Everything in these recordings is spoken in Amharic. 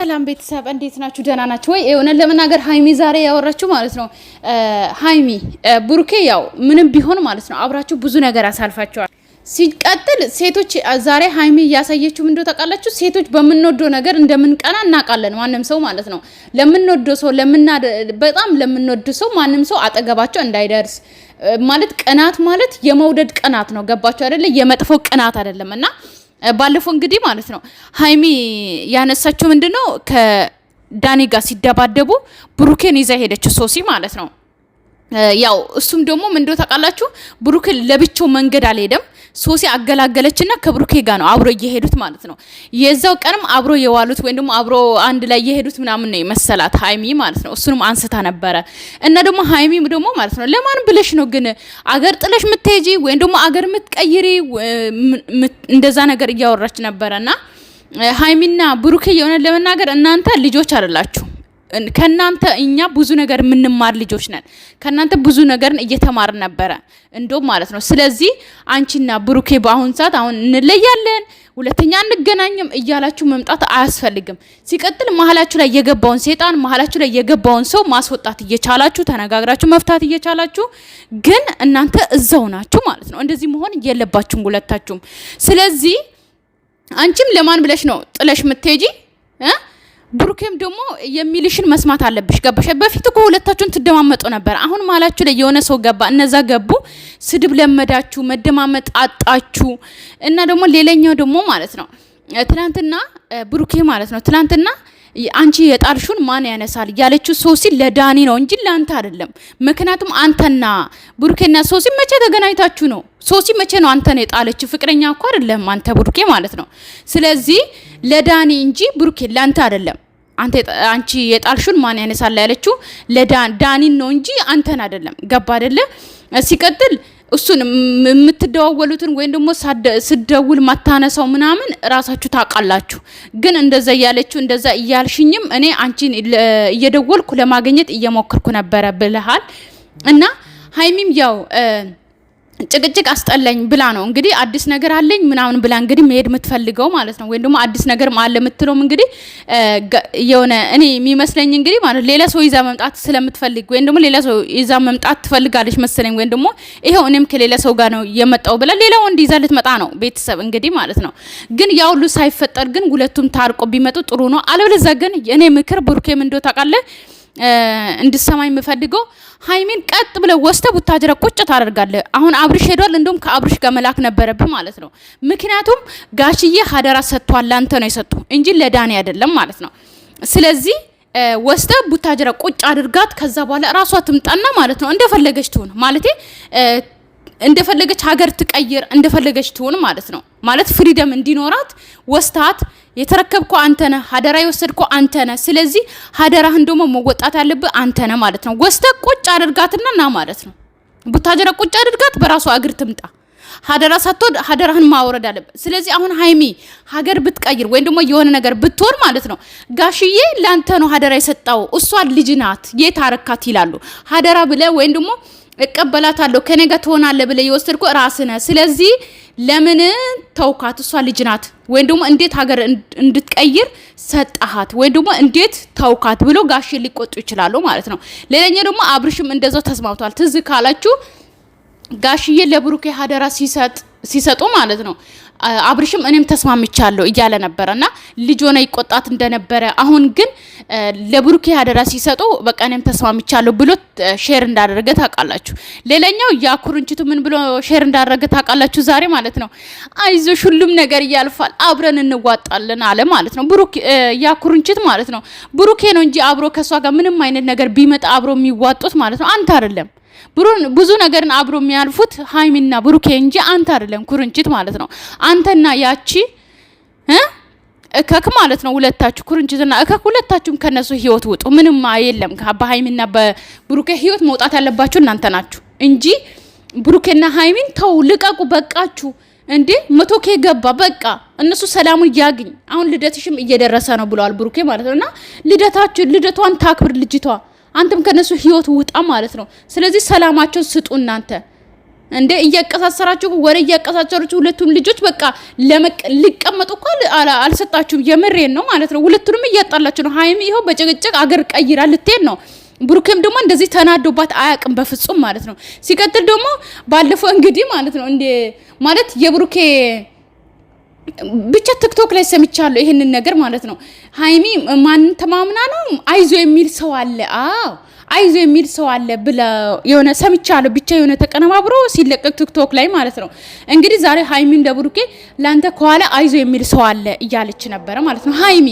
ሰላም ቤተሰብ እንዴት ናችሁ? ደህና ናችሁ ወይ? እውነት ለመናገር ሀይሚ ዛሬ ያወራችሁ ማለት ነው ሀይሚ ብሩኬ ያው ምንም ቢሆን ማለት ነው አብራችሁ ብዙ ነገር አሳልፋችኋል። ሲቀጥል ሴቶች ዛሬ ሀይሚ እያሳየችው ምንድ ታውቃላችሁ? ሴቶች በምንወደው ነገር እንደምንቀና እናውቃለን። ማንም ሰው ማለት ነው ለምንወደው ሰው በጣም ለምንወደው ሰው ማንም ሰው አጠገባቸው እንዳይደርስ ማለት ቅናት ማለት የመውደድ ቅናት ነው። ገባችሁ አይደለ? የመጥፎ ቅናት አይደለም እና ባለፈው እንግዲህ ማለት ነው ሀይሚ ያነሳችው ምንድን ነው ከዳኒ ጋር ሲደባደቡ ብሩኬን ይዛ ሄደችው ሶሲ ማለት ነው። ያው እሱም ደግሞ ምንዶ ታውቃላችሁ ብሩኬን ለብቻው መንገድ አልሄደም ሶሲ አገላገለችና ከብሩኬ ጋ ነው አብሮ እየሄዱት ማለት ነው። የዛው ቀንም አብሮ የዋሉት ወይም ደግሞ አብሮ አንድ ላይ የሄዱት ምናምን ነው የመሰላት ሀይሚ ማለት ነው። እሱንም አንስታ ነበረ እና ደግሞ ሀይሚ ደግሞ ማለት ነው ለማን ብለሽ ነው ግን አገር ጥለሽ ምትሄጂ ወይም ደግሞ አገር ምትቀይሪ እንደዛ ነገር እያወራች ነበረና ሀይሚና ብሩኬ የሆነ ለመናገር እናንተ ልጆች አይደላችሁ ከእናንተ እኛ ብዙ ነገር የምንማር ልጆች ነን። ከእናንተ ብዙ ነገር እየተማር ነበረ እንዶም ማለት ነው። ስለዚህ አንቺና ብሩኬ በአሁን ሰዓት አሁን እንለያለን፣ ሁለተኛ እንገናኝም እያላችሁ መምጣት አያስፈልግም። ሲቀጥል መሀላችሁ ላይ የገባውን ሴጣን መሀላችሁ ላይ የገባውን ሰው ማስወጣት እየቻላችሁ ተነጋግራችሁ መፍታት እየቻላችሁ ግን እናንተ እዛው ናችሁ ማለት ነው። እንደዚህ መሆን የለባችሁም ሁለታችሁም። ስለዚህ አንቺም ለማን ብለሽ ነው ጥለሽ እ ብሩኬም ደግሞ የሚልሽን መስማት አለብሽ። ገባሽ? በፊት እኮ ሁለታችሁን ትደማመጡ ነበር። አሁን ማላችሁ ላይ የሆነ ሰው ገባ፣ እነዛ ገቡ፣ ስድብ ለመዳችሁ፣ መደማመጥ አጣችሁ። እና ደግሞ ሌላኛው ደግሞ ማለት ነው ትናንትና ብሩኬ ማለት ነው ትናንትና አንቺ የጣልሹን ማን ያነሳል ያለችው ሶሲ ለዳኒ ነው እንጂ ለአንተ አይደለም። ምክንያቱም አንተና ብሩኬና ሶሲ መቼ ተገናኝታችሁ ነው? ሶሲ መቼ ነው አንተን የጣለች? ፍቅረኛ እኮ አይደለም አንተ ብሩኬ ማለት ነው። ስለዚህ ለዳኒ እንጂ ብሩኬ ለአንተ አይደለም። አንተ አንቺ የጣልሹን ማን ያነሳላ ያለችው ለዳን ነው እንጂ አንተን አይደለም። ገባ አይደለ? ሲቀጥል እሱን የምትደዋወሉትን ወይም ደግሞ ስደውል ማታነሳው ምናምን ራሳችሁ ታውቃላችሁ። ግን እንደዛ እያለችው እንደዛ እያልሽኝም እኔ አንቺን እየደወልኩ ለማግኘት እየሞከርኩ ነበረ ብለሃል እና ሀይሚም ያው ጭቅጭቅ አስጠላኝ ብላ ነው እንግዲህ አዲስ ነገር አለኝ ምናምን ብላ እንግዲህ መሄድ የምትፈልገው ማለት ነው። ወይም ደግሞ አዲስ ነገር አለ የምትለውም እንግዲህ የሆነ እኔ የሚመስለኝ እንግዲህ ማለት ሌላ ሰው ይዛ መምጣት ስለምትፈልግ ወይም ደግሞ ሌላ ሰው ይዛ መምጣት ትፈልጋለች መሰለኝ። ወይም ደግሞ ይኸው እኔም ከሌላ ሰው ጋር ነው የመጣው ብላ ሌላ ወንድ ይዛ ልትመጣ ነው ቤተሰብ እንግዲህ ማለት ነው። ግን ያ ሁሉ ሳይፈጠር ግን ሁለቱም ታርቆ ቢመጡ ጥሩ ነው። አለበለዚያ ግን እኔ ምክር ብሩኬም እንደው ታውቃለህ እንድሰማኝ የምፈልገው ሀይሚን ቀጥ ብለ ወስተ ቡታጅራ ቁጭ ታደርጋለ አሁን አብርሽ ሄዷል። እንደውም ከአብርሽ ጋር መላክ ነበረብህ ማለት ነው። ምክንያቱም ጋሽዬ ሀደራ ሰጥቷል። ለአንተ ነው የሰጡ እንጂ ለዳኔ አይደለም ማለት ነው። ስለዚህ ወስተ ቡታጅራ ቁጭ አድርጋት። ከዛ በኋላ ራሷ ትምጣና ማለት ነው እንደፈለገች ትሁን ማለቴ እንደፈለገች ሀገር ትቀይር እንደፈለገች ትሆን ማለት ነው። ማለት ፍሪደም እንዲኖራት ወስታት የተረከብኮ አንተ ነህ፣ ሀደራ የወሰድኮ አንተ ነህ። ስለዚህ ሀደራህን ደግሞ መወጣት ያለብህ አንተ ነህ ማለት ነው። ወስተ ቁጭ አድርጋትና ና ማለት ነው። ቡታጀራ ቁጭ አድርጋት፣ በራሷ እግር ትምጣ። ሀደራ ሳትወድ ሀደራህን ማውረድ አለበት። ስለዚህ አሁን ሀይሚ ሀገር ብትቀይር ወይም ደግሞ የሆነ ነገር ብትሆን ማለት ነው ጋሽዬ ለአንተ ነው ሀደራ የሰጣው እሷ ልጅ ናት የት አረካት ይላሉ። ሀደራ ብለህ ወይም ደግሞ እቀበላታለሁ ከኔ ጋር ትሆናለህ ብለህ የወሰድኩ ራስህ ነህ። ስለዚህ ለምን ተውካት? እሷ ልጅ ናት። ወይም ደግሞ እንዴት ሀገር እንድትቀይር ሰጣሃት? ወይም ደግሞ እንዴት ተውካት ብሎ ጋሽ ሊቆጡ ይችላሉ ማለት ነው። ሌላኛው ደግሞ አብርሽም እንደዛው ተስማምቷል። ትዝ ካላችሁ ጋሽዬ ለብሩኬ ሀደራ ሲሰጥ ሲሰጡ ማለት ነው አብርሽም እኔም ተስማምቻለሁ እያለ ነበረ እና ልጅ ሆነ ይቆጣት እንደነበረ አሁን ግን ለብሩኬ አደራ ሲሰጡ በቃ እኔም ተስማምቻለሁ ብሎ ሼር እንዳደረገ ታውቃላችሁ። ሌላኛው ያ ምን ብሎ ሼር እንዳደረገ ታውቃላችሁ። ዛሬ ማለት ነው አይዞሽ ሁሉም ነገር እያልፋል፣ አብረን እንዋጣለን አለ ማለት ነው። ብሩክ ማለት ነው ብሩኬ ነው እንጂ አብሮ ከእሷ ጋር ምንም አይነት ነገር ቢመጣ አብሮ የሚዋጡት ማለት ነው አንተ አይደለም። ብዙ ነገርን አብሮ የሚያልፉት ሀይሚና ብሩኬ እንጂ አንተ አይደለም። ኩርንችት ማለት ነው። አንተና ያቺ እከክ ማለት ነው። ሁለታችሁ ኩርንችትና እከክ ሁለታችሁም ከነሱ ህይወት ውጡ። ምንም የለም። በሀይሚና በብሩኬ ህይወት መውጣት ያለባችሁ እናንተ ናችሁ እንጂ ብሩኬና ሀይሚን ተው፣ ልቀቁ፣ በቃችሁ። እንዴ መቶ ኬ ገባ፣ በቃ እነሱ ሰላሙን እያግኝ አሁን ልደትሽም እየደረሰ ነው ብለዋል ብሩኬ ማለት ነው። እና ልደታችሁ ልደቷን ታክብር ልጅቷ አንተም ከነሱ ህይወት ውጣ ማለት ነው። ስለዚህ ሰላማቸው ስጡ እናንተ እንደ እያቀሳሰራችሁ ወሬ እያቀሳሰራችሁ ሁለቱም ልጆች በቃ ሊቀመጡ እኮ አልሰጣችሁም። የምሬን ነው ማለት ነው። ሁለቱንም እያጣላችሁ ነው። ሀይሚ ይኸው በጭቅጭቅ አገር ቀይራ ልትሄድ ነው። ብሩኬም ደግሞ እንደዚህ ተናዶባት አያውቅም በፍጹም ማለት ነው። ሲቀጥል ደግሞ ባለፈው እንግዲህ ማለት ነው እንደ ማለት የብሩኬ ብቻ ቲክቶክ ላይ ሰምቻለሁ ይሄንን ነገር ማለት ነው። ሀይሚ ማን ተማምና ነው አይዞ የሚል ሰው አለ። አዎ አይዞ የሚል ሰው አለ ብለ የሆነ ሰምቻለሁ ብቻ የሆነ ተቀነባብሮ ሲለቀቅ ቲክቶክ ላይ ማለት ነው። እንግዲህ ዛሬ ሀይሚም ለብሩኬ ለአንተ ከኋላ አይዞ የሚል ሰው አለ እያለች ነበረ ማለት ነው። ሀይሚ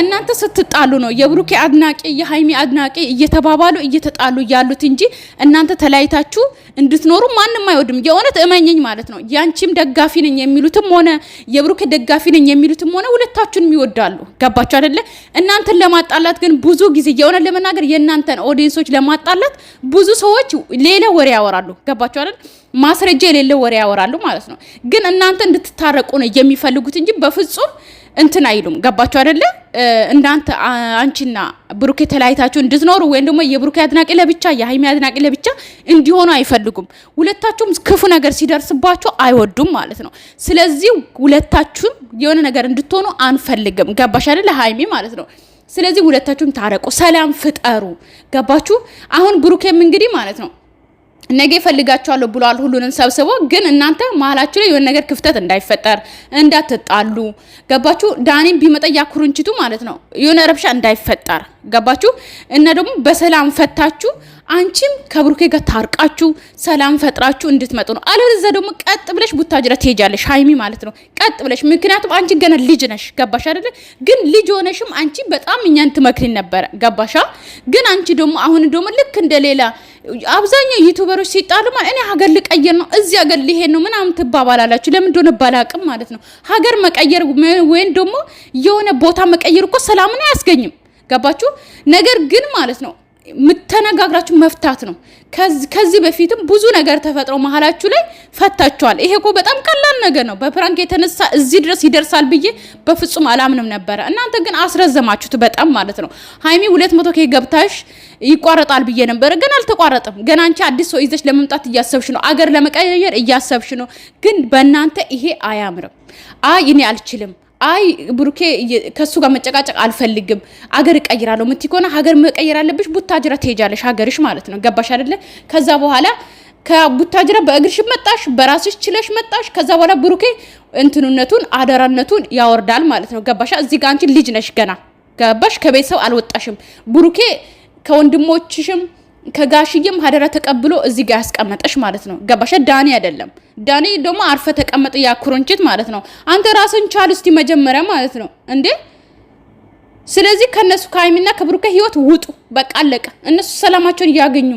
እናንተ ስትጣሉ ነው የብሩኬ አድናቂ የሀይሚ አድናቂ እየተባባሉ እየተጣሉ ያሉት እንጂ እናንተ ተለያይታችሁ እንድትኖሩ ማንም አይወድም። የእውነት እመኘኝ ማለት ነው። ያንቺም ደጋፊ ነኝ የሚሉትም ሆነ የብሩኬ ደጋፊ ነኝ የሚሉትም ሆነ ሁለታችሁንም ይወዳሉ። ገባችሁ አይደለ? እናንተን ለማጣላት ግን ብዙ ጊዜ የእውነት ለመናገር የእናንተን ኦዲንስ ኬሶች ለማጣላት ብዙ ሰዎች ሌላ ወሬ ያወራሉ። ገባችሁ አይደል? ማስረጃ የሌለ ወሬ ያወራሉ ማለት ነው። ግን እናንተ እንድትታረቁ ነው የሚፈልጉት እንጂ በፍጹም እንትን አይሉም። ገባችሁ አይደለ? እናንተ አንቺና ብሩኬ ተለያይታችሁ እንድትኖሩ ወይም ደግሞ የብሩኬ አድናቂ ለብቻ የሀይሚ አድናቂ ለብቻ እንዲሆኑ አይፈልጉም። ሁለታችሁም ክፉ ነገር ሲደርስባችሁ አይወዱም ማለት ነው። ስለዚህ ሁለታችሁም የሆነ ነገር እንድትሆኑ አንፈልግም። ገባሽ አይደለ? ሀይሚ ማለት ነው ስለዚህ ሁለታችሁም ታረቁ፣ ሰላም ፍጠሩ። ገባችሁ? አሁን ብሩኬም እንግዲህ ማለት ነው ነገ እፈልጋቸዋለሁ ብሏል። ሁሉንም ሰብስቦ ግን እናንተ መሀላችሁ ላይ የሆነ ነገር ክፍተት እንዳይፈጠር እንዳትጣሉ፣ ገባችሁ? ዳኒም ቢመጣ ያኩርንችቱ ማለት ነው የሆነ ረብሻ እንዳይፈጠር ገባችሁ? እና ደግሞ በሰላም ፈታችሁ አንቺም ከብሩኬ ጋር ታርቃችሁ ሰላም ፈጥራችሁ እንድትመጡ ነው። አለበለዚያ ደግሞ ቀጥ ብለሽ ቡታጅራ ትሄጃለሽ፣ ሀይሚ ማለት ነው። ቀጥ ብለሽ ምክንያቱም አንቺ ገና ልጅ ነሽ፣ ገባሽ አይደለ? ግን ልጅ ሆነሽም አንቺ በጣም እኛን ትመክሪን ነበረ፣ ገባሻ? ግን አንቺ ደግሞ አሁን ደግሞ ልክ እንደሌላ ሌላ አብዛኛው ዩቱበሮች ሲጣሉ እኔ ሀገር ልቀየር ነው እዚህ ሀገር ሊሄድ ነው ምናምን ትባባላላችሁ። ለምን እንደሆነ ባላቅም ማለት ነው። ሀገር መቀየር ወይም ደግሞ የሆነ ቦታ መቀየር እኮ ሰላምን አያስገኝም። ገባችሁ? ነገር ግን ማለት ነው የምተነጋግራችሁ መፍታት ነው። ከዚህ በፊትም ብዙ ነገር ተፈጥሮ መሀላችሁ ላይ ፈታችኋል። ይሄ እኮ በጣም ቀላል ነገር ነው። በፕራንክ የተነሳ እዚህ ድረስ ይደርሳል ብዬ በፍጹም አላምንም ነበረ። እናንተ ግን አስረዘማችሁት በጣም ማለት ነው። ሀይሚ ሁለት መቶ ኬ ገብታሽ ይቋረጣል ብዬ ነበረ፣ ግን አልተቋረጠም። ገና አንቺ አዲስ ሰው ይዘሽ ለመምጣት እያሰብሽ ነው። አገር ለመቀየር እያሰብሽ ነው። ግን በእናንተ ይሄ አያምርም። አይ እኔ አልችልም አይ ብሩኬ ከሱ ጋር መጨቃጨቅ አልፈልግም፣ አገር እቀይራለሁ ምት ከሆነ ሀገር መቀየር አለብሽ። ቡታጅራ ትሄጃለሽ፣ ሀገርሽ ማለት ነው። ገባሽ አደለ? ከዛ በኋላ ከቡታጅራ በእግርሽ መጣሽ፣ በራስሽ ችለሽ መጣሽ። ከዛ በኋላ ብሩኬ እንትኑነቱን አደራነቱን ያወርዳል ማለት ነው። ገባሽ? እዚህ ጋር አንቺ ልጅ ነሽ ገና። ገባሽ? ከቤተሰብ አልወጣሽም። ብሩኬ ከወንድሞችሽም ከጋሽዬም ሀደራ ተቀብሎ እዚህ ጋር ያስቀመጠሽ ማለት ነው። ገባሽ? ዳኒ አይደለም። ዳኒ ደግሞ አርፈ ተቀመጠ ያኩረንችት ማለት ነው። አንተ ራስን ቻል እስቲ መጀመሪያ ማለት ነው እንዴ። ስለዚህ ከነሱ ከሀይሚና ከብሩከ ህይወት ውጡ። በቃ አለቀ። እነሱ ሰላማቸውን እያገኙ